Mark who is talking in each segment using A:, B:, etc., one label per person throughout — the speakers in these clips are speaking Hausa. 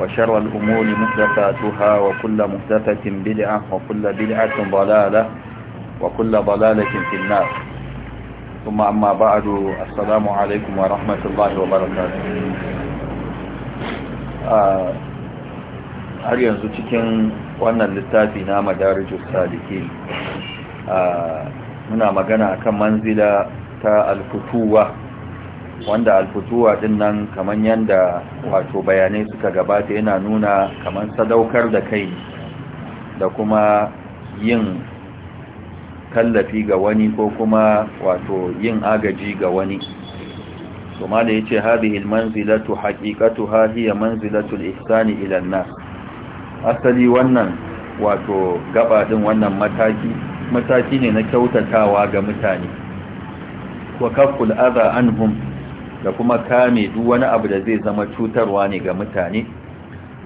A: وشر الأمور محدثاتها وكل محدثة بدعة وكل بدعة ضلالة وكل ضلالة في النار ثم أما بعد السلام عليكم ورحمة الله وبركاته har yanzu cikin wannan littafi na madarijus saliki muna magana akan manzila ta alfutuwa wanda alfutuwa din nan kamar yadda wato bayanai suka gabata yana nuna kamar sadaukar da kai da kuma yin tallafi ga wani ko kuma wato yin agaji ga wani kuma da yace hadhihi almanzilatu haqiqatuha hiya manzilatu al ila an-nas asali wannan wato gaba din wannan mataki mataki ne na kyautatawa ga mutane wa kaful adha anhum da kuma kame duk wani abu da zai zama cutarwa ne ga mutane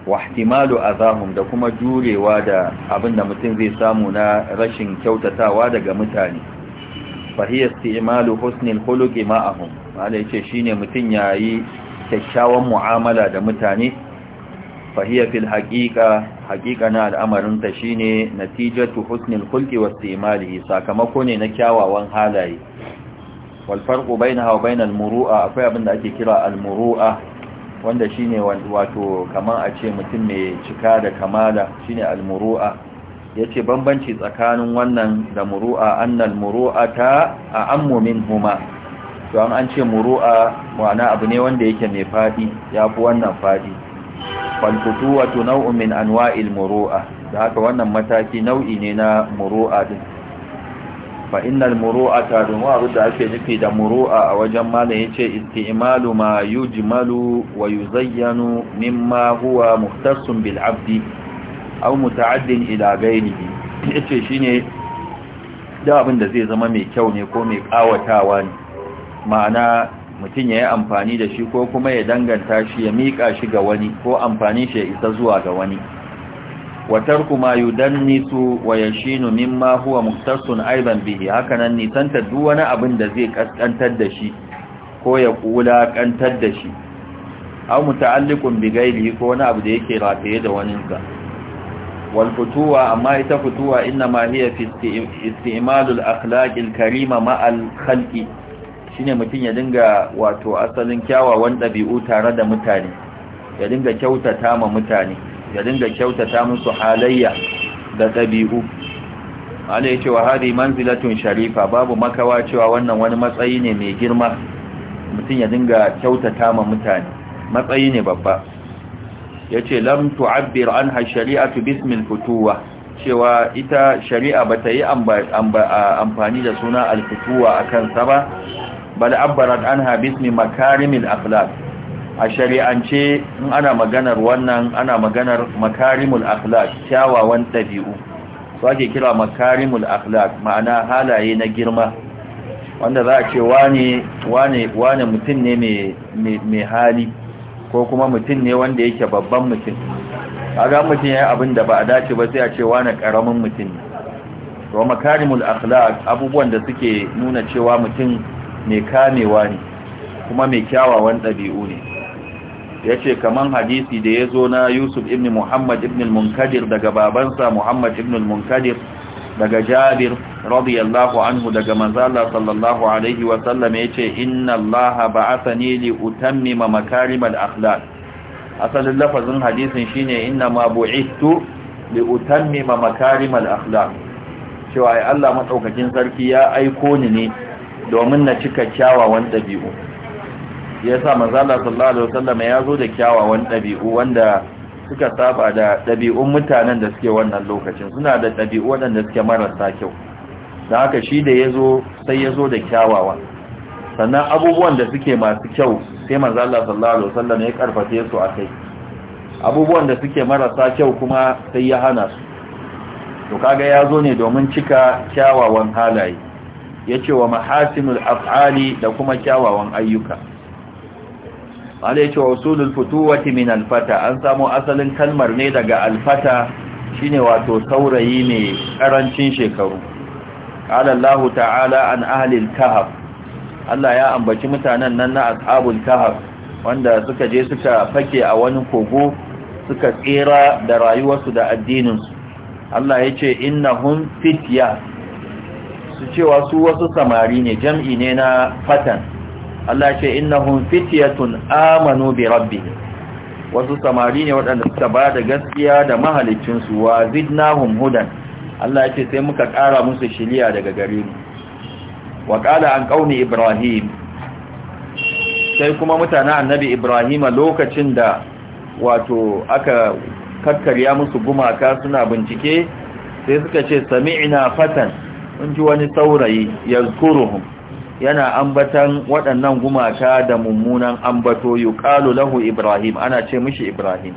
A: wa ihtimalu azahum da kuma jurewa da abin da mutum zai samu na rashin kyautatawa daga mutane hiya istimalu husnil khuluqi ma'ahum wala yace shine mutum yayi kyakkyawan mu'amala da mutane hiya fil haqiqa na al'amarin ta shine natijatu husnil wa wastimalihi sakamako ne na kyawawan halaye walfarko bai na hau bai na almuru'a akwai abinda ake kira almuru'a wanda shi ne wato kama a ce mutum mai cika da kamala shi ne almuru'a ya ce bambanci tsakanin wannan da muru'a annal muru'a ta a ammomin huma to an ce muru'a wana abu ne wanda yake mai fadi ya fi wannan fadi falkutu wato nau'in min anwa'il muru'a da haka wannan mataki nau'i ne na muru'a din fa innal muru'ata domin abu da ake nufi da muru'a a wajen malam yace isti'malu ma yujmalu wa yuzayyanu mimma huwa muhtassun bil abdi aw muta'addin ila gairihi yace shine da abin da zai zama mai kyau ne ko mai kawatawa ne ma'ana mutum ya yi amfani da shi ko kuma ya danganta shi ya miƙa shi ga wani ko amfani shi ya isa zuwa ga wani wa tarku ma yudannisu wa yashinu mimma huwa muhtasun aiban bihi hakanan nisanta duk wani abun da zai kaskantar da shi ko ya kula kantar da shi aw muta'alliqun bi ghairihi ko wani abu da yake rataye da waninsa wal futuwa amma ita futuwa inna ma hiya isti'malul akhlaqil karima ma'al khalqi shine mutum ya dinga wato asalin kyawawan ɗabi'u tare da mutane ya dinga kyautata ma mutane ya dinga kyautata musu halayya da ɗabi'u ala ya ce wa hari manzilatun sharifa babu makawa cewa wannan wani matsayi ne mai girma mutum ya dinga kyautata ma mutane matsayi ne babba ya ce lam tu'abbir an ha tu bismil fituwa cewa ita shari'a ba ta yi amfani da suna alfituwa a kansa ba bal abbarat an ha bismi makarimil akhlaq a shari'ance in ana maganar wannan ana maganar makarimul akhlaq kyawawan dabi'u so ake kira makarimul akhlaq ma'ana halaye na girma wanda za a ce wane wane wane mutum ne mai mai hali ko kuma mutum ne wanda yake babban mutum kaga mutum yayin abin da ba a dace ba sai a ce wane karamin mutum ne to makarimul akhlaq abubuwan da suke nuna cewa mutum mai kamewa ne kuma mai kyawawan ɗabi'u ne ya ce kaman hadisi da ya zo na yusuf ibn muhammad ibn munkadir daga babansa muhammad ibn munkadir daga jabir radiyallahu anhu daga manzala sallallahu alaihi wasallam ya ce inna allaha ba'athani li utammima makarim al-akhlaq asalin lafazin hadisin shine inna ma bu'ithtu li utammima makarim al-akhlaq cewa ai Allah madaukakin sarki ya aiko ni ne domin na cika kyawawan dabi'u Ya sa Allah sallallahu alaihi wasallam ya zo da kyawawan ɗabi'u wanda suka saba da dabi'un mutanen da suke wannan lokacin suna da ɗabi'u wanda suke marasa kyau da haka shi da yazo sai yazo da kyawawan sannan abubuwan da suke masu kyau sai manzo Allah sallallahu alaihi wasallam ya karfafe su a kai abubuwan da suke marasa kyau kuma sai ya hana su to kaga ya zo ne domin cika kyawawan halaye ya ce wa mahasinul af'ali da kuma kyawawan ayyuka alai ce usulul futuwati min alfata an samu asalin kalmar ne daga alfata shine wato saurayi ne karancin shekaru qala Allah ta'ala an ahli alkahf Allah ya ambaci mutanen nan na ashabul kahf wanda suka je suka fake a wani kogo suka tsira da rayuwarsu da su. Allah ya ce innahum fitya su cewa su wasu samari ne jam'i ne na fatan Allah ce innahum fityatun amanu bi rabbihim wasu samari ne waɗanda suka ba da gaskiya da mahalicinsu wa zidnahum hudan Allah ce sai muka ƙara musu shiriya daga gare mu wa qala an qauni ibrahim sai kuma mutanen annabi ibrahim lokacin da wato aka kakkarya musu gumaka suna bincike sai suka ce sami'na fatan mun ji wani saurayi yazkuruhum yana ambatan waɗannan gumata da mummunan ambato ƙalu lahu ibrahim ana ce mishi ibrahim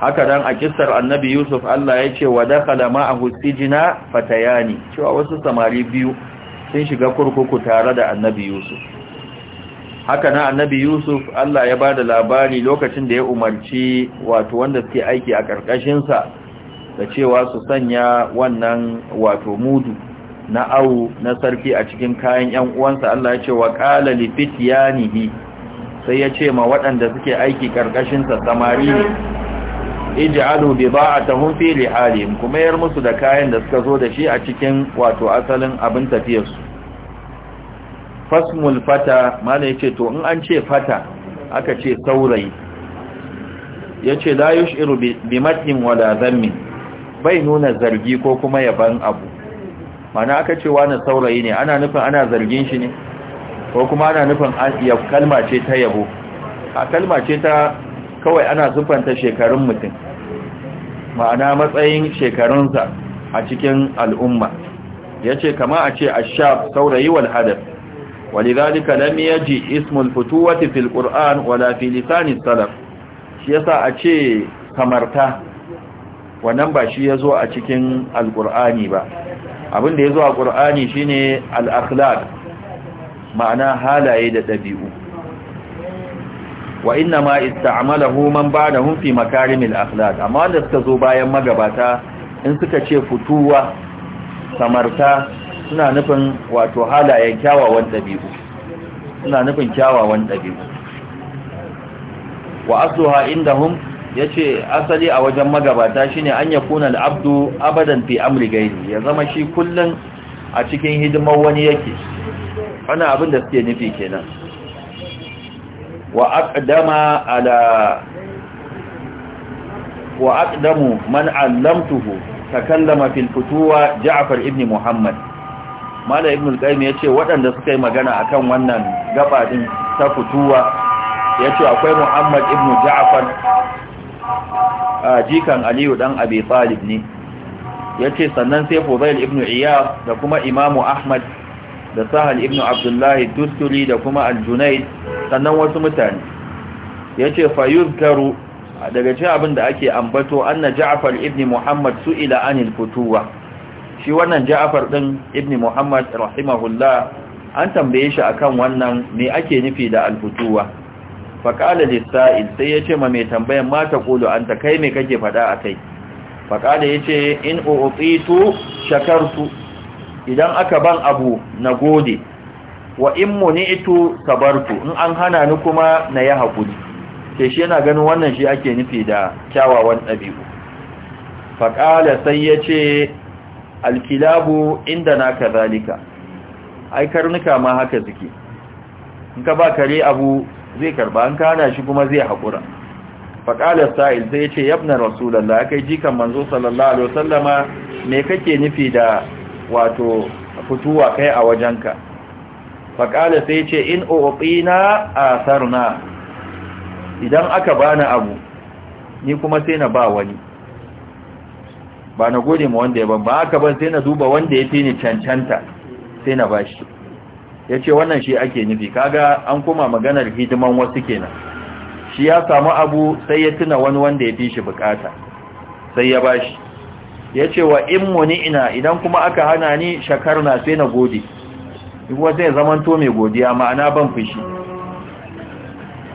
A: haka don a kistar annabi yusuf Allah ya ce wa da ma'ahu sijina fatayani cewa wasu samari biyu sun shiga kurkuku tare da annabi yusuf haka na annabi yusuf Allah ya ba da labari lokacin da ya umarci wato wanda suke aiki a ƙarƙashinsa da cewa su sanya wannan wato mudu na awu na sarki a cikin kayan ‘yan uwansa Allah ya ce wa qala li fityanihi sai ya ce ma waɗanda suke aiki sa samari iji alu bi ba a tahun fili kuma yar musu da kayan da suka zo da shi a cikin wato asalin abin su. fasmul fata mana yace to in an ce fata aka ce saurayi yace ce la yushiru bi matin wala zammi bai nuna zargi ko kuma yaban abu mana aka ce wani saurayi ne ana nufin ana zargin shi ne ko kuma ana nufin kalma ce ta yabo a kalma ce ta kawai ana sufanta shekarun mutum ma'ana matsayin shekarunsa a cikin al'umma ya ce kama a ce ashab saurayi wal hadar walidhalika lam yaji ismul futuwati fil qur'an wala fi lisani salaf shi yasa a ce samarta wannan ba shi yazo a cikin alqur'ani ba abin da ya zo a ƙur'ani shine al-akhlaq ma'ana halaye da ɗabi'u wa inna ma ista'malahu man ba'dahum fi makarimil akhlaq amma wanda suka zo bayan magabata in suka ce futuwa samarta suna nufin wato halayen kyawawan ɗabi'u suna nufin kyawawan ɗabi'u wa indahum ya ce asali a wajen magabata shine an ya kuna al'abdu abadan fi amri gairi ya zama shi kullum a cikin hidimar wani yake wani abin da suke nufi kenan wa aqdamu man allamtuhu takallama fil futuwa ja'far ibn muhammad mala ibn al-qayyim yace waɗanda suka yi magana akan wannan gaba din ta futuwa yace akwai muhammad ibn ja'far jikan aliyu dan abi talib ne yace sannan sai fudail ibn iyad da kuma imamu ahmad da sahal ibn abdullahi dusturi da kuma al sannan wasu mutane yace fayuzkaru daga cikin abin da ake ambato anna ja'far ibn muhammad su'ila anil futuwa shi wannan ja'far din ibn muhammad rahimahullah an tambaye shi akan wannan me ake nufi da alfutuwa? faƙala lissa'il sai ya ce ma mai tambayan mata ƙulu an ta kai mai kake faɗa a kai faƙala ya ce in shakar shakartu idan aka ban abu na gode wa in bar sabartu in an hana ni kuma na yi haƙuri sai shi yana ganin wannan shi ake nufi da kyawawan ɗabi'u faƙala sai ya ce alkilabu inda na kazalika ai karnuka ma haka suke in ka ba kare abu zai karba an kana shi kuma zai haƙura faƙalar sa'il sai ce yabna rasulallah kai jikan manzo sallallahu alaihi wasallama me kake nufi da wato fituwa kai a wajenka faƙalar sai ce in uqina asarna idan aka bani abu ni kuma sai na ba wani ba na gode ma wanda ya ban ba aka ban sai na duba wanda ya fi ni cancanta sai na bashi ya ce wannan shi ake nufi kaga an kuma maganar hidiman wasu kenan shi ya samu abu sai ya tuna wani wanda ya fi shi bukata sai ya bashi ya ce wa in muni ina idan kuma aka hana ni shakar na sai na gode kuma zai zaman to mai godiya ma'ana ban fushi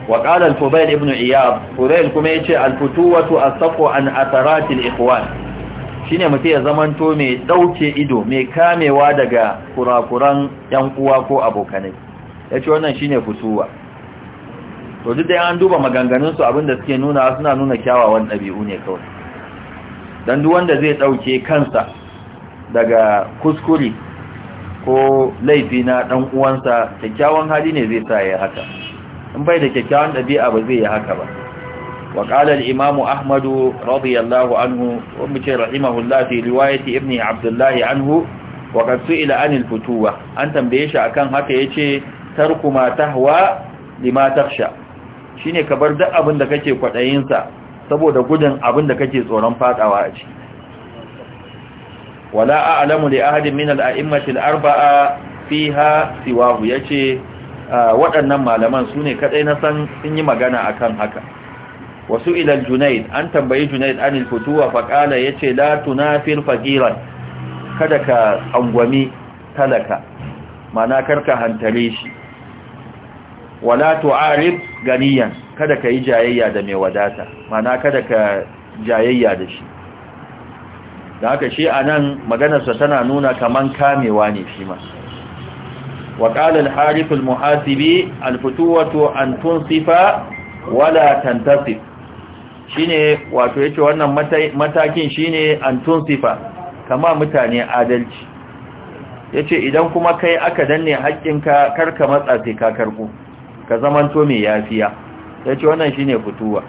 A: wa qala al-fubayl ibn iyab fubayl kuma yace al-futuwatu as-safu an atharat al-ikhwan shine mutum ya zamanto mai ɗauke ido mai kamewa daga kurakuran yan uwa ko abokanai yace wannan shine kusuwa to duk da an duba maganganun su abinda suke nuna suna nuna kyawawan ɗabi'u ne kawai dan duk wanda zai ɗauke kansa daga kuskure ko laifi na dan uwansa kyakkyawan hali ne zai sa ya haka in bai da kyakkyawan ɗabi'a ba zai yi haka ba وقال الإمام أحمد رضي الله عنه ومتي رحمه الله في رواية ابن عبد الله عنه وقد سئل عن الفتوة أنت مبيش أكان هكا يتي ترك ما تهوى لما تخشى شيني كبر دأ أبن دكتي قطعينسا سبو دقودن أبن دكتي صورن فات أواجي ولا أعلم لأهد من الأئمة الأربعة فيها سواه يتي waɗannan malaman su ne kaɗai na san sun yi magana a kan haka wasu ilal junaid an tambayi junaid anil fituwa faƙala ya ce la tunafir faƙiran kada ka angwami talaka mana karka hantare shi wala tu'arib ganiyan kada ka yi jayayya da mai wadata mana kada ka jayayya da shi da haka shi a nan maganarsa tana nuna kaman kamewa ne shi ma وقال الحارث المحاسبي الفتوة أن تنصف ولا تنتصف shine wato yace wannan matakin shine antun sifa kama mutane adalci yace idan kuma kai aka danne haƙƙinka karka matsa sai ka karku, ka zamanto mai yafiya yace wannan shine fituwa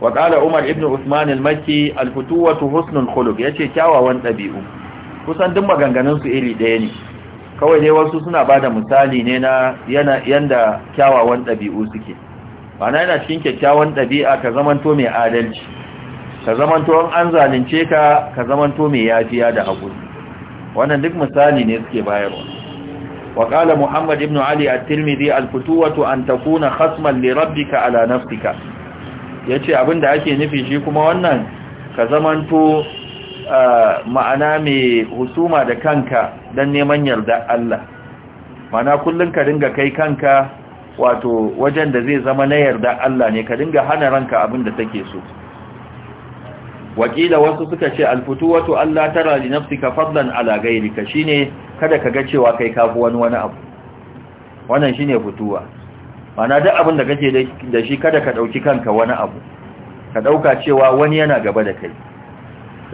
A: wa qala umar ibn usman al-makki al-futuwatu husnul khuluq yace kyawawan ɗabi'u. kusan duk maganganun iri ɗaya ne kawai dai wasu suna bada misali ne na yana yanda kyawawan ɗabi'u suke ana yana cikin kyakkyawan ɗabi'a ka zamanto mai adalci ka zamanto an zalunce ka ka zamanto mai yafiya da haƙuri wannan duk misali ne suke bayarwa wa muhammad ibn ali a tirmidhi al-futuwatu an takuna khasman li rabbika ala abinda ake nufi shi kuma wannan ka zamanto ma'ana mai husuma da kanka dan neman yarda Allah mana kullum ka dinga kai kanka wato wajen da zai zama na yarda Allah ne ka dinga hana ranka abin da take so wakila wasu suka ce wato Allah tara li nafsika fadlan ala ghayrika shine kada ka ga cewa kai ka wani wani abu wannan shine futuwa mana duk abin da kake da shi kada ka dauki kanka wani abu ka dauka cewa wani yana gaba da kai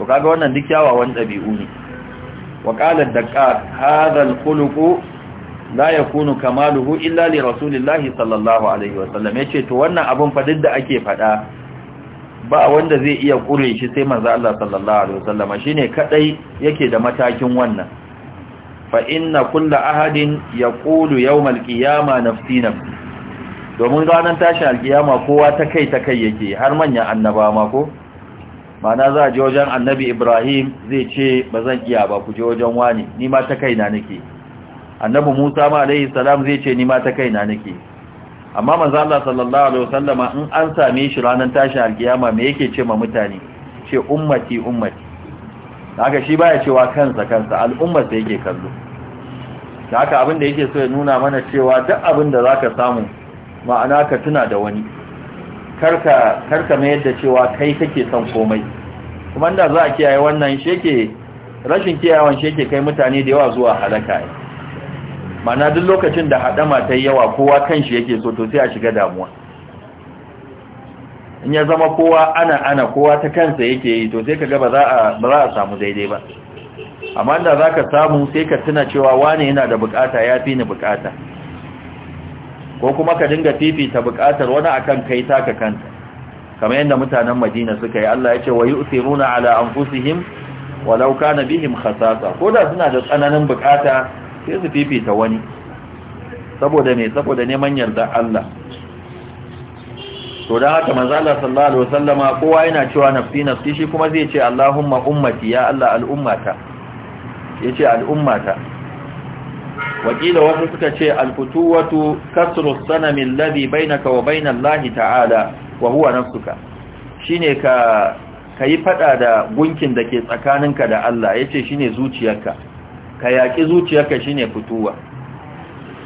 A: to kaga wannan duk yawa wani dabi'u ne وقال الدكار هذا الخلق la yakunu kamaluhu illa li rasulillahi sallallahu alaihi wasallam yace to wannan abin fa duk da ake fada ba wanda zai iya kure shi sai manzo Allah sallallahu alaihi wasallam shine kadai yake da matakin wannan fa inna kullu ahadin yaqulu yawmal qiyama nafsi nafsi domin ranar tashin alkiyama kowa ta kai ta kai yake har manyan annaba ma ko mana za a je wajen annabi ibrahim zai ce ba zan iya ba ku je wajen wani ni ma ta kai na nake annabi Musa ma alaihi salam zai ce ni ma ta kaina nake amma manzo Allah sallallahu alaihi wasallama in an same shi ranar tashin alkiyama me yake ce ma mutane ce ummati ummati haka shi baya cewa kansa kansa al'ummar sa yake kallo haka abin da yake so ya nuna mana cewa duk abin da zaka samu ma'ana ka tuna da wani karka karka mai yadda cewa kai kake son komai kuma da za a kiyaye wannan shi yake rashin kiyayewan shi yake kai mutane da yawa zuwa halaka ne mana duk lokacin da haɗama ta yi yawa kowa kan shi yake so to sai a shiga damuwa in ya zama kowa ana ana kowa ta kansa yake yi to sai ka gaba ba za a samu daidai ba amma da za ka samu sai ka tuna cewa wane yana da bukata ya fi ni bukata ko kuma ka dinga fifita bukatar wani akan kai taka kanta kamar yadda mutanen madina suka yi Allah ya ce wa yu'thiruna ala anfusihim walau kana bihim khasasa ko da suna da tsananin bukata sai su fifita wani saboda ne saboda neman yarda Allah to dan haka manzo Allah sallallahu alaihi wasallama kowa yana cewa nafsi nafsi shi kuma zai ce Allahumma ummati ya Allah al'ummata yace al'ummata wakila wasu suka ce alfutuwatu kasru sanami alladhi bainaka wa bainal lahi ta'ala wa huwa nafsuka shine ka kai fada da gunkin dake tsakaninka da Allah yace shine zuciyarka ka yaƙi zuciyarka shine fituwa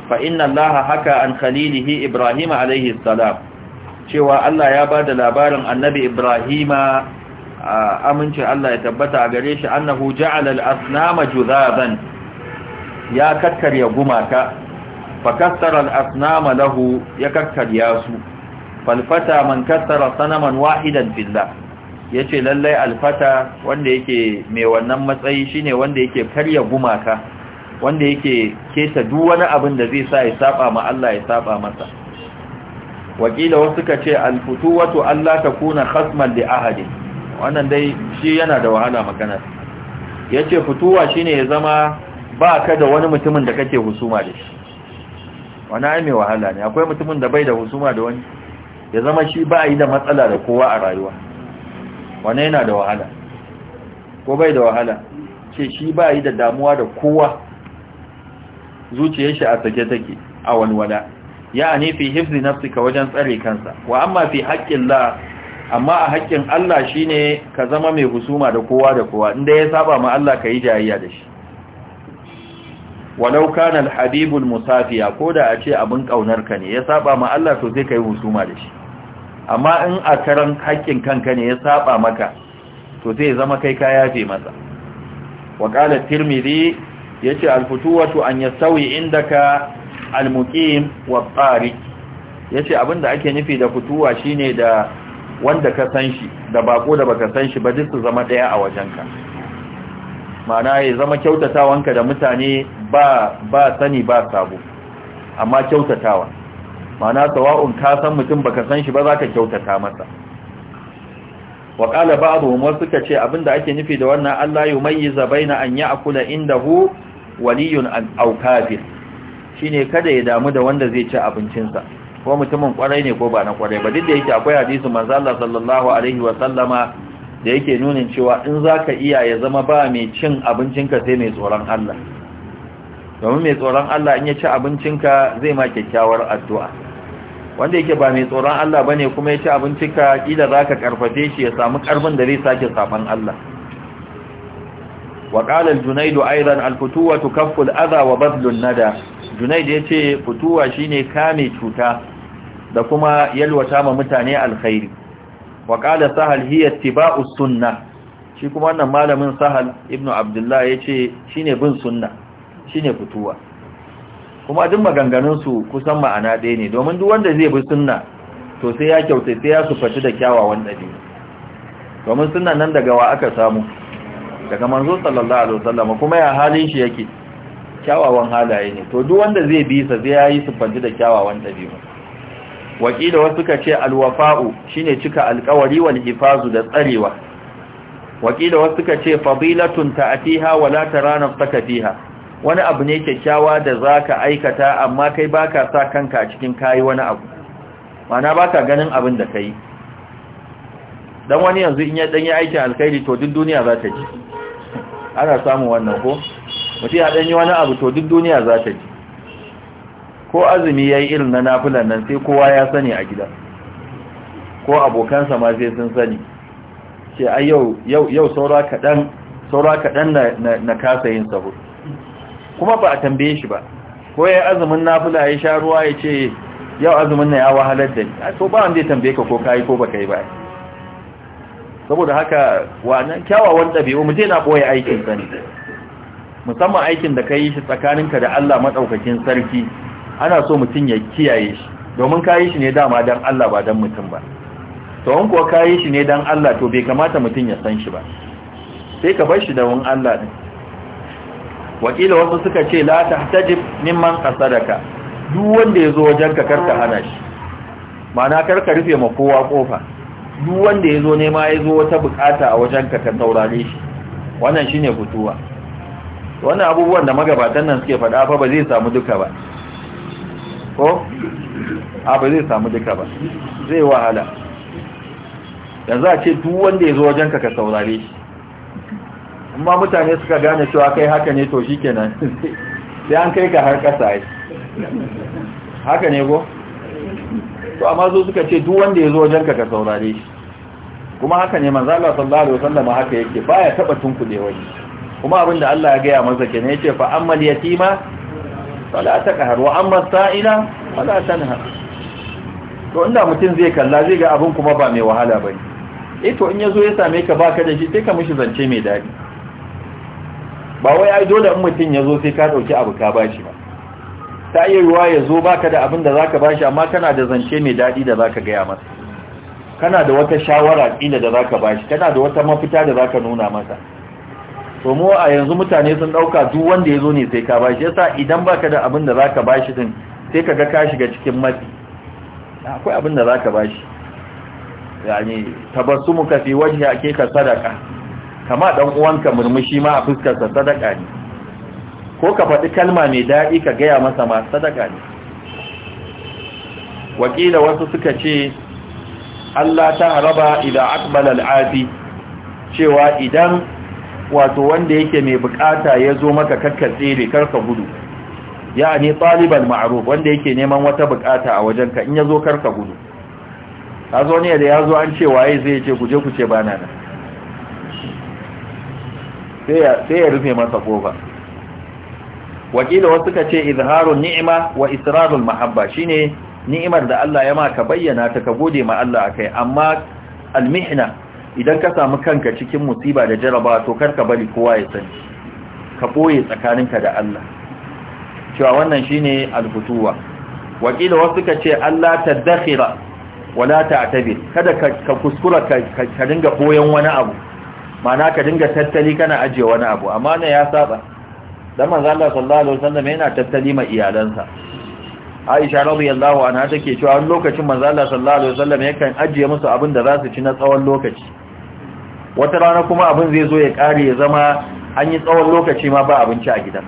A: fa inna allaha haka an khalilihi ibrahim alaihi salam cewa Allah ya ba da labarin annabi ibrahim aminci Allah ya tabbata a gare shi annahu ja'ala al juzaban ya kakkarya gumaka fa kassara al lahu ya kakkarya su falfata man kassara sanaman wahidan billah ya ce lallai alfata wanda yake mai wannan matsayi shine wanda yake karya gumaka wanda yake keta duk wani abin da zai sa ya saba ma Allah ya saba masa wakila wasu ka ce alfutu wato Allah ta kuna khasman li ahadi. wannan dai shi yana da wahala magana yace fituwa shine ya zama ba ka da wani mutumin da kake husuma da shi wani ai mai wahala ne akwai mutumin da bai da husuma da wani ya zama shi ba yi da matsala da kowa a rayuwa wane yana da wahala ko bai da wahala ce shi ba yi da damuwa da kowa zuciyar shi a sake take a walwala ya ne fi hifzi ka wajen tsare kansa wa amma fi haƙƙin la amma a haƙƙin Allah shi ne ka zama mai husuma da kowa da kowa inda ya saba ma Allah ka yi jayayya da shi walau kanal habibul musafiya ko da a ce abin ƙaunarka ka ne ya saba ma Allah to sai yi husuma da shi amma in a karan haƙƙin kanka ne ya saba maka to zai zama kai ka yafe masa wa qala tirmidhi yace al-futuwatu an yasawi indaka al-muqim wa tariq yace abinda ake nufi da futuwa shine da wanda ka san shi da bako da baka san shi ba duk su zama daya a wajenka ma'ana ya zama kyautatawanka da mutane ba ba sani ba sabo amma kyautatawa mana sawa'un ka san mutum baka san shi ba zaka kyautata masa wa qala ba'dhum wa suka ce abinda ake nufi da wannan Allah yumayyiza baina an ya'kula indahu waliyun aw kafir shine kada ya damu da wanda zai ci abincin sa ko mutumin kwarai ne ko ba na kwarai ba duk da yake akwai hadisi manzo Allah sallallahu alaihi wa sallama da yake nunin cewa in zaka iya ya zama ba mai cin abincin ka sai mai tsoron Allah domin mai tsoron Allah in ya ci abincin ka, zai ma kyakkyawar addu'a wanda yake ba mai tsoron Allah bane kuma ya ci abincika kila zaka karfafe shi ya samu karfin da zai sake saban Allah waƙalar junaidu airan alfutuwa aidan al-futuwa wa badlu an-nada junayd yace futuwa shine kame cuta da kuma yalwata ma mutane alkhairi waƙalar sahal hiya ittiba'u sunnah shi kuma wannan malamin sahal ibnu abdullah yace shine bin sunna shine futuwa kuma duk maganganunsu kusan ma'ana ɗaya ne domin duk wanda zai bi sunna to sai ya kyauta sai ya sufaci da kyawawan ɗabi'u domin sunna nan daga wa aka samu daga manzo sallallahu alaihi wasallam kuma ya halin shi yake kyawawan halaye ne to duk wanda zai bi sa zai yi sufanci da kyawawan ɗabi'u wakila wasu ka ce alwafa'u shine cika alƙawari wal hifazu da tsarewa wakila wasu ka ce fadilatun ta'atiha wala tarana nafsaka wani abu ne kyakkyawa da za ka aikata amma kai ba ka sa kanka a cikin kayi wani abu mana ba ka ganin abin da ka yi don wani yanzu in ya ɗanyi aikin alkhairi to duk duniya za ta ji ana samun wannan ko mutu ya ɗanyi wani abu to duk duniya za ta ji ko azumi ya yi irin na nafilan nan sai kowa ya sani a gida ko abokansa ma sai sun sani ce ai yau saura kaɗan na kasa yin sahur kuma ba a tambaye shi ba ko ya azumin nafila ya sha ruwa ya ce yau azumin na ya wahalar da ni to ba wanda ya tambaye ka ko kai ko baka yi ba saboda haka wannan kyawawan ɗabi'u mu je na boye aikin sani musamman aikin da ka yi shi tsakaninka da Allah madaukakin sarki ana so mutum ya kiyaye shi domin ka yi shi ne dama don Allah ba don mutum ba to in ko ka yi shi ne don Allah to bai kamata mutum ya san shi ba sai ka bar shi da wani Allah din wakila wasu suka ce la tahtajib mimman qasadaka duk wanda yazo wajenka karka hana shi ma'ana karka rufe ma kowa kofa duk wanda yazo nema yazo wata bukata a wajenka ka taurare shi wannan shine fituwa wannan abubuwan da magabatan nan suke faɗa fa ba zai samu duka ba ko a ba zai samu duka ba zai wahala yanzu a ce duk wanda yazo wajenka ka taurare shi amma mutane suka gane cewa kai haka ne to shi kenan sai an kai ka har ƙasa yi haka ne ko to amma zo suka ce duk wanda ya zo wajenka ka saurare shi kuma haka ne manzo Allah sallallahu alaihi wasallam haka yake baya taba tunkude wani kuma abinda Allah ya gaya masa kenan yace fa ammal yatima fala taqhar wa amma sa'ila fala tanha to inda mutum zai kalla zai ga abin kuma ba mai wahala bane eh to in yazo ya same ka baka da shi sai ka mishi zance mai dadi ba wai ai dole in mutum ya zo sai ka ɗauki abu ka bashi ba ta iya yiwuwa ya zo baka da abin da za ka bashi amma kana da zance mai daɗi da za ka gaya masa kana da wata shawara kila da za ka bashi kana da wata mafita da za ka nuna masa to mu a yanzu mutane sun ɗauka duk wanda ya zo ne sai ka bashi yasa idan baka da abin da za ka bashi din sai ka ga ka shiga cikin mafi. akwai abin da za ka bashi yani tabassumuka fi wajhi ake ka sadaka kama dan uwanka murmushi ma a sa sadaka ne ko ka faɗi kalma mai daɗi ka gaya masa ma sadaka ne wakila wasu suka ce Allah ta haraba idan akbala al'afi cewa idan wato wanda yake mai bukata ya zo maka kakkatse ne karka gudu ya ne ɗaliban ma'aruf wanda yake neman wata bukata a wajenka in ya zo karka gudu ta zo ne da ya zo an ce waye zai ce kuje kuce ba na nan sai ya rufe masa kofa wakila wasu ka ce izharun ni'ima wa israrul mahabba shine ni'imar da Allah ya maka bayyana ta ka gode ma Allah akai amma almihna idan ka samu kanka cikin musiba da jaraba to karka bari kowa ya sani ka boye tsakaninka da Allah cewa wannan shine alfutuwa wakila wasu ka ce Allah tadakhira wala ta'tabir kada ka kuskura ka dinga boyen wani abu mana ka dinga tattali kana ajiye wani abu amma ne ya saba dan manzo Allah sallallahu alaihi wasallam yana tattali ma iyalansa Aisha radiyallahu anha take cewa wani lokacin manzo Allah sallallahu alaihi wasallam yakan ajiye musu abin da za su ci na tsawon lokaci wata rana kuma abin zai zo ya kare ya zama an yi tsawon lokaci ma ba abinci a gidan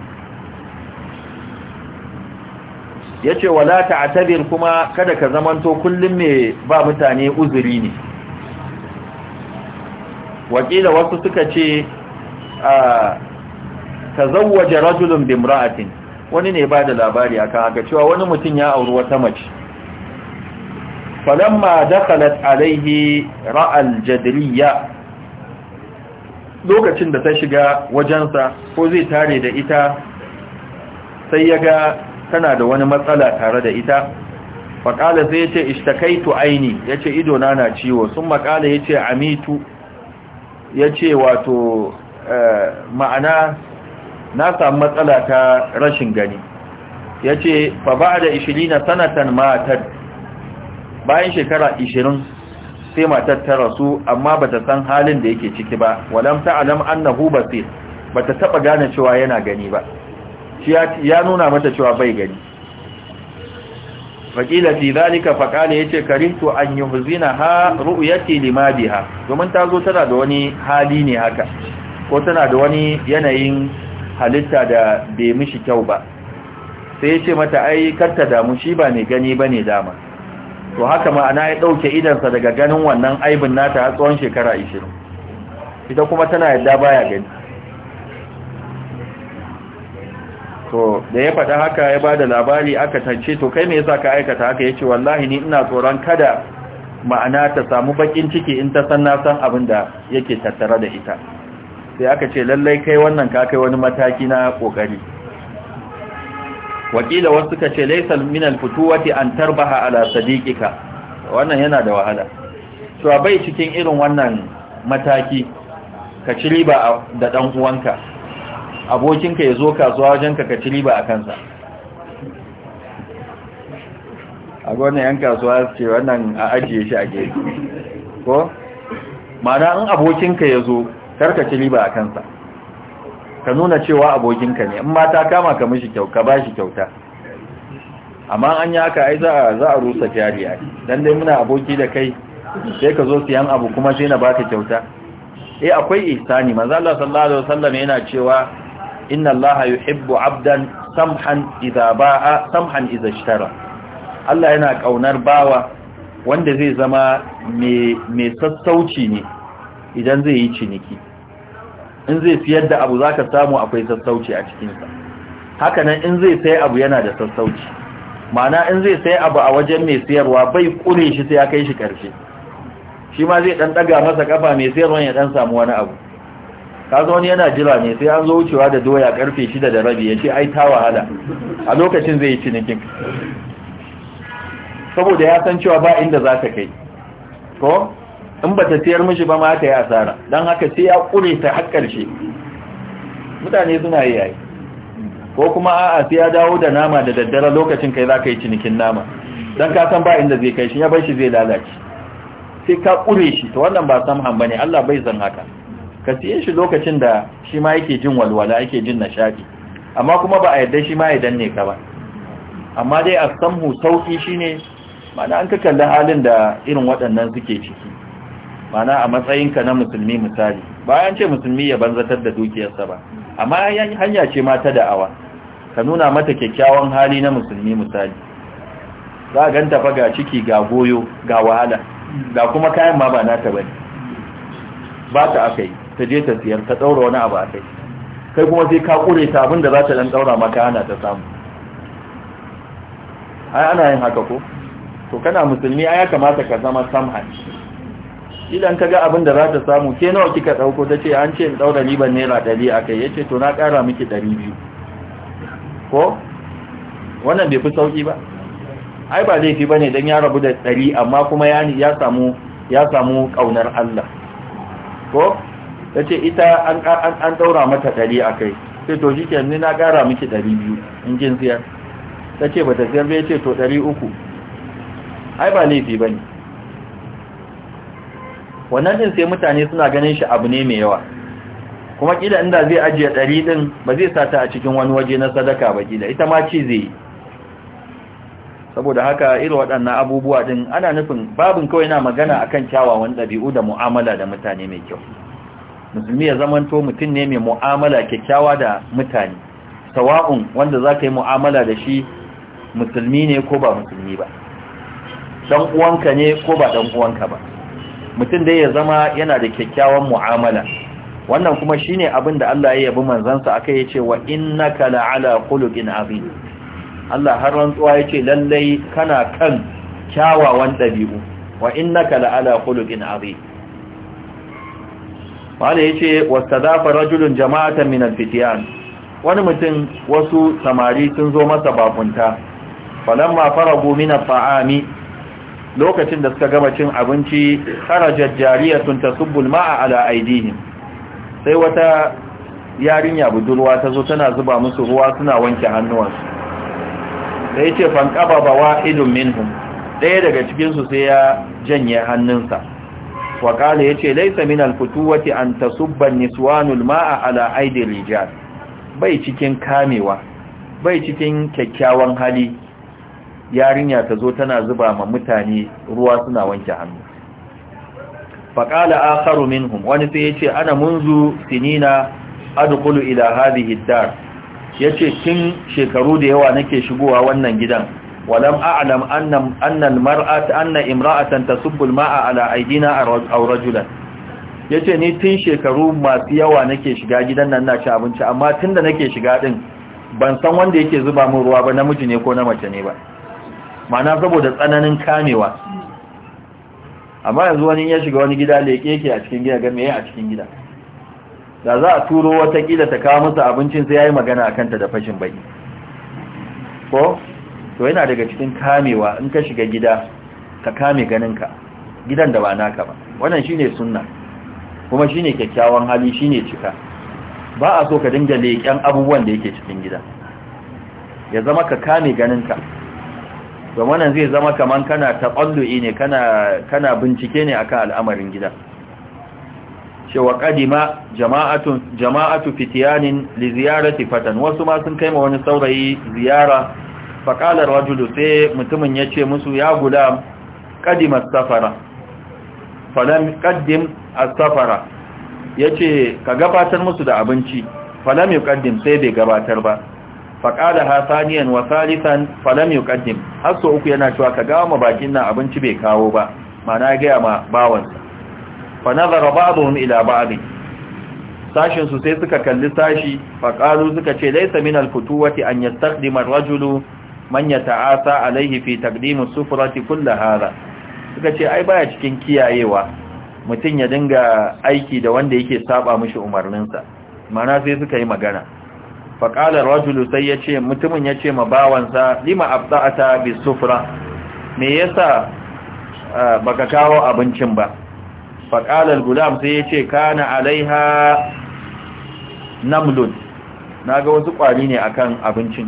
A: yace wala ta'tabir kuma kada ka zamanto kullum me ba mutane uzuri ne wakila wasu suka ce tazawwaja rajulun bimra'atin wani ne ba da labari akan haka cewa wani mutum ya auri wata mace falamma dakhalat alaihi ra'al jadriya lokacin da ta shiga wajensa ko zai tare da ita sai ya ga tana da wani matsala tare da ita faƙala sai ce ishtakaitu aini ya ce idona na ciwo sun maƙala ya ce amitu ya ce wato eh, ma'ana na samu matsala ta rashin gani ya ce fa ba da ishiri na sanatan matar bayan shekara ishirin sai matar ta rasu amma ba ta san halin da yake ciki ba walam ta alam annahu basir ba ta taba gane cewa yana gani ba ya nuna mata cewa bai gani wakila fi zalika faqala yace karintu an ha ru'yati limadiha biha domin tazo tana da wani hali ne haka ko tana da wani yanayin halitta da bai mishi kyau ba sai yace mata ai karta damu shi ba mai gani bane dama to haka ma ma'ana ya dauke sa daga ganin wannan aibin nata a tsawon shekara 20 ita kuma tana yadda baya gani to da ya faɗa haka ya ba da labari aka tace to kai me yasa ka aikata haka yace wallahi ni ina tsoron kada ma'ana ta samu bakin ciki in ta san na san abin da yake tattare da ita sai aka ce lallai kai wannan ka kai wani mataki na kokari wakila wasu suka ce laysal min alfutuwati an tarbaha ala sadiqika wannan yana da wahala to bai cikin irin wannan mataki ka ci riba da dan uwanka abokinka ya zo kasuwa wajen ka ci riba a kansa a gwanin yan kasuwa ce wannan a ajiye shi a gefe ko mana in abokinka ya zo karka ci riba a kansa ka nuna cewa abokinka ne in mata kama ka mishi kyau ka ba shi kyauta amma an yi haka ai za a rusa fiyari a dan dai muna aboki da kai sai ka zo siyan abu kuma sai na baka kyauta eh akwai ihsani manzo Allah sallallahu alaihi wasallam yana cewa inna allaha yuhibbu abdan samhan idza ba'a samhan idza ishtara Allah yana ƙaunar bawa wanda zai zama mai sassauci ne idan zai yi ciniki in zai siyar da abu zaka samu akwai sassauci a cikinsa hakanan in zai sai abu yana da sassauci mana in zai sai abu a wajen mai sayarwa bai kure shi sai ya kai shi ƙarshe. shi ma zai dan daga masa ƙafa mai sayarwa ya dan samu wani abu zo wani yana jira ne sai an zo wucewa da doya karfe shida da rabi ya ce ai ta wahala a lokacin zai yi cinikin saboda ya san cewa ba inda za ka kai ko in ba ta siyar mishi ba ma ta yi asara don haka sai ya ƙure ta har ƙarshe mutane suna yi yayi ko kuma a'a sai ya dawo da nama da daddare lokacin kai za ka yi cinikin nama don ka san ba inda zai kai shi ya bar shi zai lalace sai ka ƙure shi to wannan ba san ba ne allah bai san haka ka siye shi lokacin da shi ma yake jin walwala yake jin nishadi amma kuma ba a yadda shi ma idan ne ka ba amma dai a sauki shine mana an ka kalli halin da irin waɗannan suke ciki mana a matsayinka na musulmi misali bayan ce musulmi ya banzatar da dukiyarsa ba amma hanya ce ma ta da'awa ka nuna mata kyakkyawan hali na musulmi misali za a ganta fa ga ciki ga goyo ga wahala ga kuma kayan ma ba nata bane ba ta aka yi ta je ta siyar ta ɗaura wani abu a kai kai kuma sai ka ƙure ta abin da za ta ɗan ɗaura maka ana ta samu ai ana yin haka ko to kana musulmi ai ya kamata ka zama samhan idan ka ga abin da za ta samu ke nawa kika ɗauko ta ce an ce in ɗaura riban naira ɗari a kai ya ce to na ƙara miki ɗari biyu ko wannan bai fi sauƙi ba ai ba fi ba ne don ya rabu da ɗari amma kuma ya samu ya samu ƙaunar Allah ko ya ce ita an ɗaura mata ɗari a kai sai to shi ni na ƙara miki ɗari biyu in kin ziyar. ta ce ba ta siyar bai ce to ɗari uku ai ba laifi ba ne wannan ɗin sai mutane suna ganin shi abu ne mai yawa kuma kila inda zai ajiye ɗari din, ba zai sa ta a cikin wani waje na sadaka ba ƙida ita ma ci zai yi saboda haka irin waɗannan abubuwa din ana nufin babin kawai na magana akan kyawawan ɗabi'u da mu'amala da mutane mai kyau musulmi ya zamanto mutum ne mai mu'amala kyakkyawa da mutane sawa'un wanda za ka yi mu'amala da shi musulmi ne ko ba musulmi ba dan uwanka ne ko ba dan uwanka ba mutum dai ya zama yana da kyakkyawan mu'amala wannan kuma shine abin da Allah ya yabi manzansa akai yace wa innaka la'ala khuluqin abin. Allah har rantsuwa ce lallai kana kan kyawawan dabi'u wa innaka la'ala khuluqin abin. wani ya ce wasta dafa rajulun jama'atan minan fitiyan wani mutum wasu samari sun zo masa bakunta falon ma faragu minan fa'ami lokacin da suka gama cin abinci harajar sun ta subbul ma'a ala aidihim sai wata yarinya budurwa ta zo tana zuba musu ruwa suna wanke hannuwansu da ya ce fankaba ba wa idun minhum ɗaya daga cikinsu sai ya janye hannunsa wa kala yace laisa min alfutuwati an tasubba niswanul ma'a ala aidi rijal bai cikin kamewa bai cikin kyakkyawan hali yarinya ta zo tana zuba ma mutane ruwa suna wanke hannu faƙala akharu minhum wani sai yace ana munzu sinina adkhulu ila hadhihi ad-dar yace tun shekaru da yawa nake shigowa wannan gidan ولم أعلم أن, أن المرأة أن امرأة تصب الماء على أيدينا أو رجلا yace ni tun shekaru masu yawa nake shiga gidan nan na ci abinci amma tunda nake shiga din ban san wanda yake zuba min ruwa ba namiji ne ko na mace ne ba ma'ana saboda tsananin kamewa amma yanzu wani ya shiga wani gida leke yake a cikin gida ga meye a cikin gida da za a turo wata kila ta kawo musu abincin sai yayi magana akan ta da fashin baki ko to yana daga cikin kamewa in ka shiga gida ka kame ganinka gidan da ba naka ba wannan shine sunna kuma shine kyakkyawan hali shine cika ba a so ka dinga leƙen abubuwan da yake cikin gida ya zama ka kame ganinka don wannan zai zama kaman kana taqallui ne kana bincike ne akan al'amarin gida cewa kadima jama'atu fitiyanin li ziyarati fatan wasu ma sun kai ma wani saurayi ziyara faƙalar rajulu sai mutumin ya ce musu ya guda ƙadim safara safara ya ce ka gabatar musu da abinci falam yi ƙaddim sai bai gabatar ba faƙala hasaniyan wa salisan falam yi ƙaddim har uku yana cewa ka gawa ma bakin nan abinci bai kawo ba mana gaya ma bawansa fa nazara ila ba'd sashin sai suka kalli sashi faƙalu suka ce laisa min alfutuwati an yastakhdima ar-rajulu man ya ta'asa alaihi fi taqdimu sufrati kullu hada suka ce ai baya cikin kiyayewa mutum ya dinga aiki da wanda yake saba mishi umarninsa mana sai suka yi magana faƙalar rajulu sai ya ce mutumin ya ce ma bawansa lima afta'ata bi sufra me yasa baka kawo abincin ba faƙalar gulam sai ya ce kana alaiha namlud naga wasu ƙwari ne akan abincin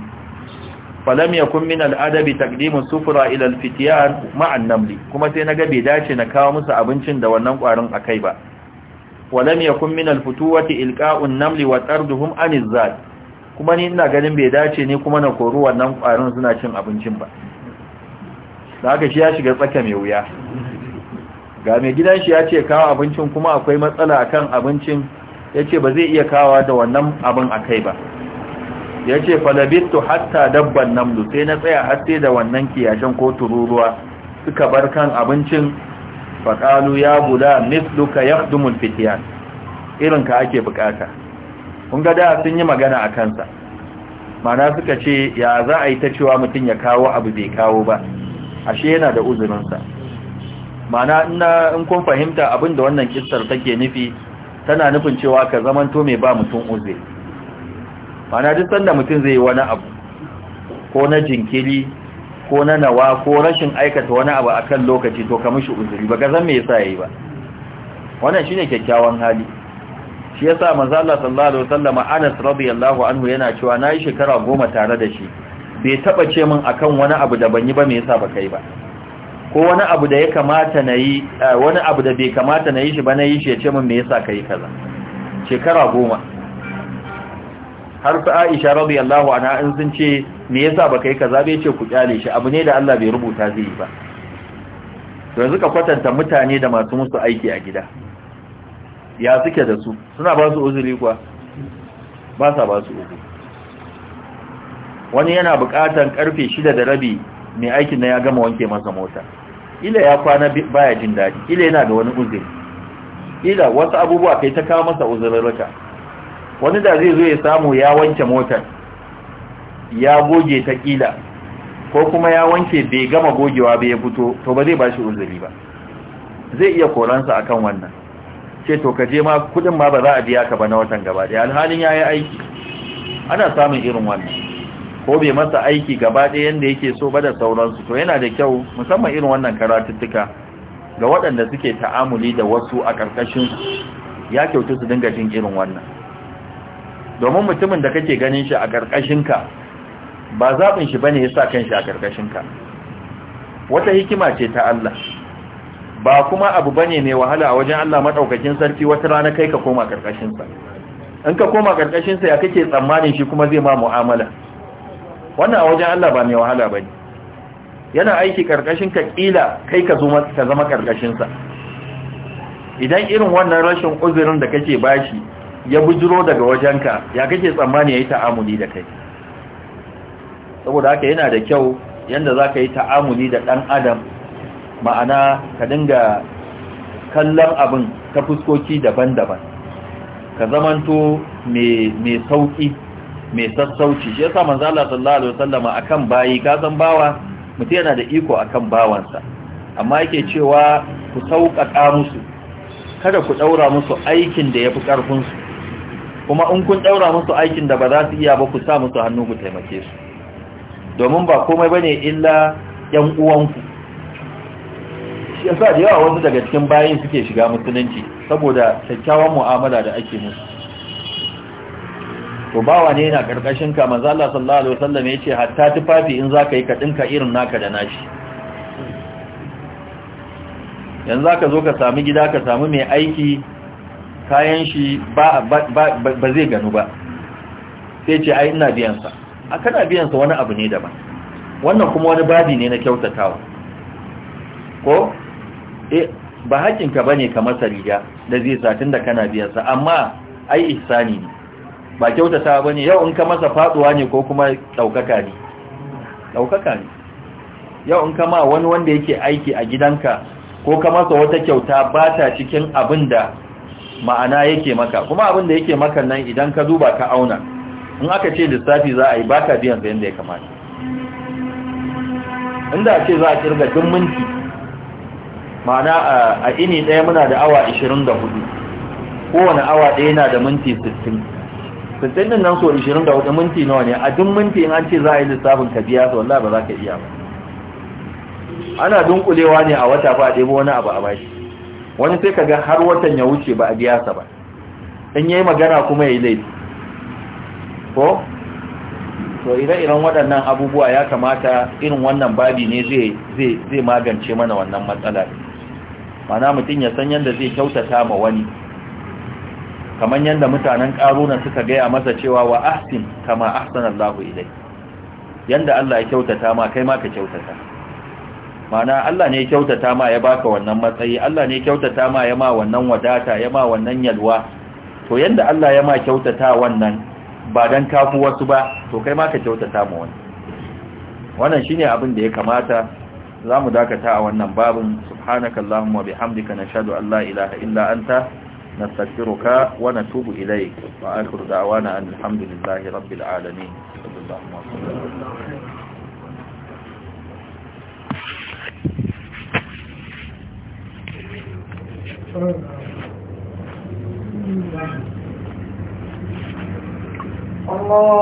A: falam yakun min al'adabi taqdimu sufra ila al-fityan an namli kuma sai naga bai dace na kawo musu abincin da wannan kwarin akai ba walam yakun min al-futuwati an namli wa tarduhum Aniz zat kuma ni ina ganin bai dace ne kuma na koru wannan kwarin suna cin abincin ba da haka shi ya shiga tsaka mai wuya ga mai gidan shi ya ce kawo abincin kuma akwai matsala akan abincin yace ba zai iya kawo da wannan abin akai ba ya ce falabittu hatta dabban namlu sai na tsaya har sai da wannan kiyashin ko tururuwa suka bar kan abincin faƙalu ya guda misluka ya dumul fitiyan irinka ake bukata kun ga da sun yi magana a kansa mana suka ce ya za a yi ta cewa mutum ya kawo abu bai kawo ba ashe yana da uzurinsa mana in kun fahimta abin da wannan kistar take nufi tana nufin cewa ka zamanto mai ba mutum uzuri mana duk sanda mutum zai yi wani abu ko na jinkiri ko na nawa ko rashin aikata wani abu akan lokaci to ka mishi uzuri ga zan me yasa yayi ba wannan shine kyakkyawan hali shi yasa manzo Allah sallallahu alaihi wasallam Anas radiyallahu anhu yana cewa nayi shekara goma tare da shi bai taba ce min akan wani abu da ban yi ba me yasa ba kai ba ko wani abu da ya kamata na yi eh, wani abu da bai kamata na yi shi ba na yi shi ya ce min me yasa kai kaza shekara goma har su Aisha radiyallahu anha in sun ce me yasa baka yi kaza bai ce ku kyale shi abu ne da Allah bai rubuta zai ba to yanzu ka kwatanta mutane da masu musu aiki a gida ya suke da su suna ba su uzuri kuwa ba sa ba su uzuri wani yana bukatan karfe shida da rabi mai aikin na ya gama wanke masa mota ila ya kwana baya jin daɗi ila yana da wani uzuri ila wasu abubuwa kai ta kawo masa uzurarraka wani da zai zo ya samu ya wanke motar ya goge ta kila ko kuma ya wanke bai gama gogewa bai ya fito to ba zai ba shi uzuri ba zai iya koransa akan wannan ce to ka je ma kudin ma ba za a biya ka ba na watan gaba da alhalin yayi aiki ana samun irin wannan ko bai masa aiki gaba ɗaya yanda yake so ba da sauransu to yana da kyau musamman irin wannan karatuttuka ga waɗanda suke ta'amuli da wasu a ƙarƙashin ya kyautu su dinga jin irin wannan domin mutumin da kake ganin shi a ƙarƙashinka ba zaɓin shi ba ne ya sa kan shi a ƙarƙashinka wata hikima ce ta Allah ba kuma abu ba ne mai wahala a wajen Allah maɗaukakin sarki wata rana kai ka koma ƙarƙashinsa in ka koma ƙarƙashinsa ya kake tsammanin shi kuma zai ma mu'amala wannan a wajen Allah ba mai wahala ba ne yana aiki ƙarƙashinka ƙila kai ka zama ƙarƙashinsa idan irin wannan rashin uzurin da kake bashi ya bujiro daga wajenka ya kake tsammani ya yi ta'amuli da kai saboda haka yana da kyau yadda za ka yi ta'amuli da ɗan adam ma'ana ka dinga kallon abin ta fuskoki daban-daban ka zamanto mai sauƙi mai sassauci shi ya sa Allah sallallahu alaihi wasallam akan bayi ka bawa mutum yana da iko akan bawansa amma yake cewa ku sauƙaƙa musu kada ku ɗaura musu aikin da ya fi ƙarfinsu kuma in kun ɗaura musu aikin da ba za su iya ba ku sa musu hannu ku taimake su domin ba komai bane illa yan uwanku shi yasa da yawa wasu daga cikin bayin suke shiga musulunci saboda kyakkyawan mu'amala da ake musu to ba ne yana karkashin ka manzo Allah sallallahu alaihi wasallam yace hatta tufafi in zaka yi ka dinka irin naka da nashi yanzu ka zo ka sami gida ka sami mai aiki kayan shi ba zai gano ba sai ce ai ina biyansa a kana biyansa wani abu ne daban wannan kuma wani babi ne na kyautatawa ko eh ba hakinka bane ka masa riga da zai satin da kana biyansa amma ai ihsani ne ba kyautatawa bane yau in ka masa faduwa ne ko kuma daukaka ne daukaka ne yau in ka ma wani wanda yake aiki a gidanka ko ka masa wata kyauta ba ta cikin abin da ma'ana yake maka kuma abin da yake maka nan idan ka duba ka auna in aka ce lissafi za a yi baka biyan sa yadda ya kamata inda ce za a kirga duk minti ma'ana a ini ɗaya muna da awa 24 kowane awa ɗaya na da minti 60 60 din nan so 24 minti nawa ne a duk minti in an ce za a yi lissafin ka biya su wallahi ba za ka iya ba ana dunkulewa ne a wata ba a ɗebo wani abu a bashi wani sai ka ga har watan ya wuce ba a biya sa ba in yayi magana kuma yayi laifi ko to ire-iren waɗannan abubuwa ya kamata irin wannan babi ne zai zai magance mana wannan matsala mana mutum ya san yadda zai kyautata ma wani kamar yadda mutanen ƙaruna suka gaya masa cewa wa ahsin kama ahsanallahu ilai yadda Allah ya kyautata ma kai ma ka kyautata Ma'ana Allah ne kyautata ma ya baka wannan matsayi Allah ne kyautata ma ya ma wannan wadata ya ma wannan yalwa to yanda Allah ya ma kyautata wannan ba dan kafu wasu ba to kai ma ka kyautata ma wani wannan shine abin da ya kamata zamu dakata a wannan babin subhanakallahumma bihamdika nashhadu an la ilaha illa anta nastaghfiruka wa natubu ilayk wa akhiru da'wana alhamdulillahi rabbil alamin صلى الله الله